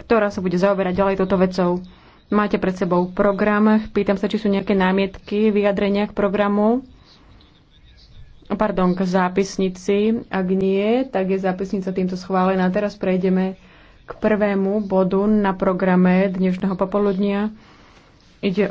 ktorá sa bude zaoberať ďalej touto vecou. Máte pred sebou program. Pýtam sa, či sú nejaké námietky, vyjadrenia k programu. Pardon, k zápisnici. Ak nie, tak je zápisnica týmto schválená. Teraz prejdeme k prvému bodu na programe dnešného popoludnia. Ide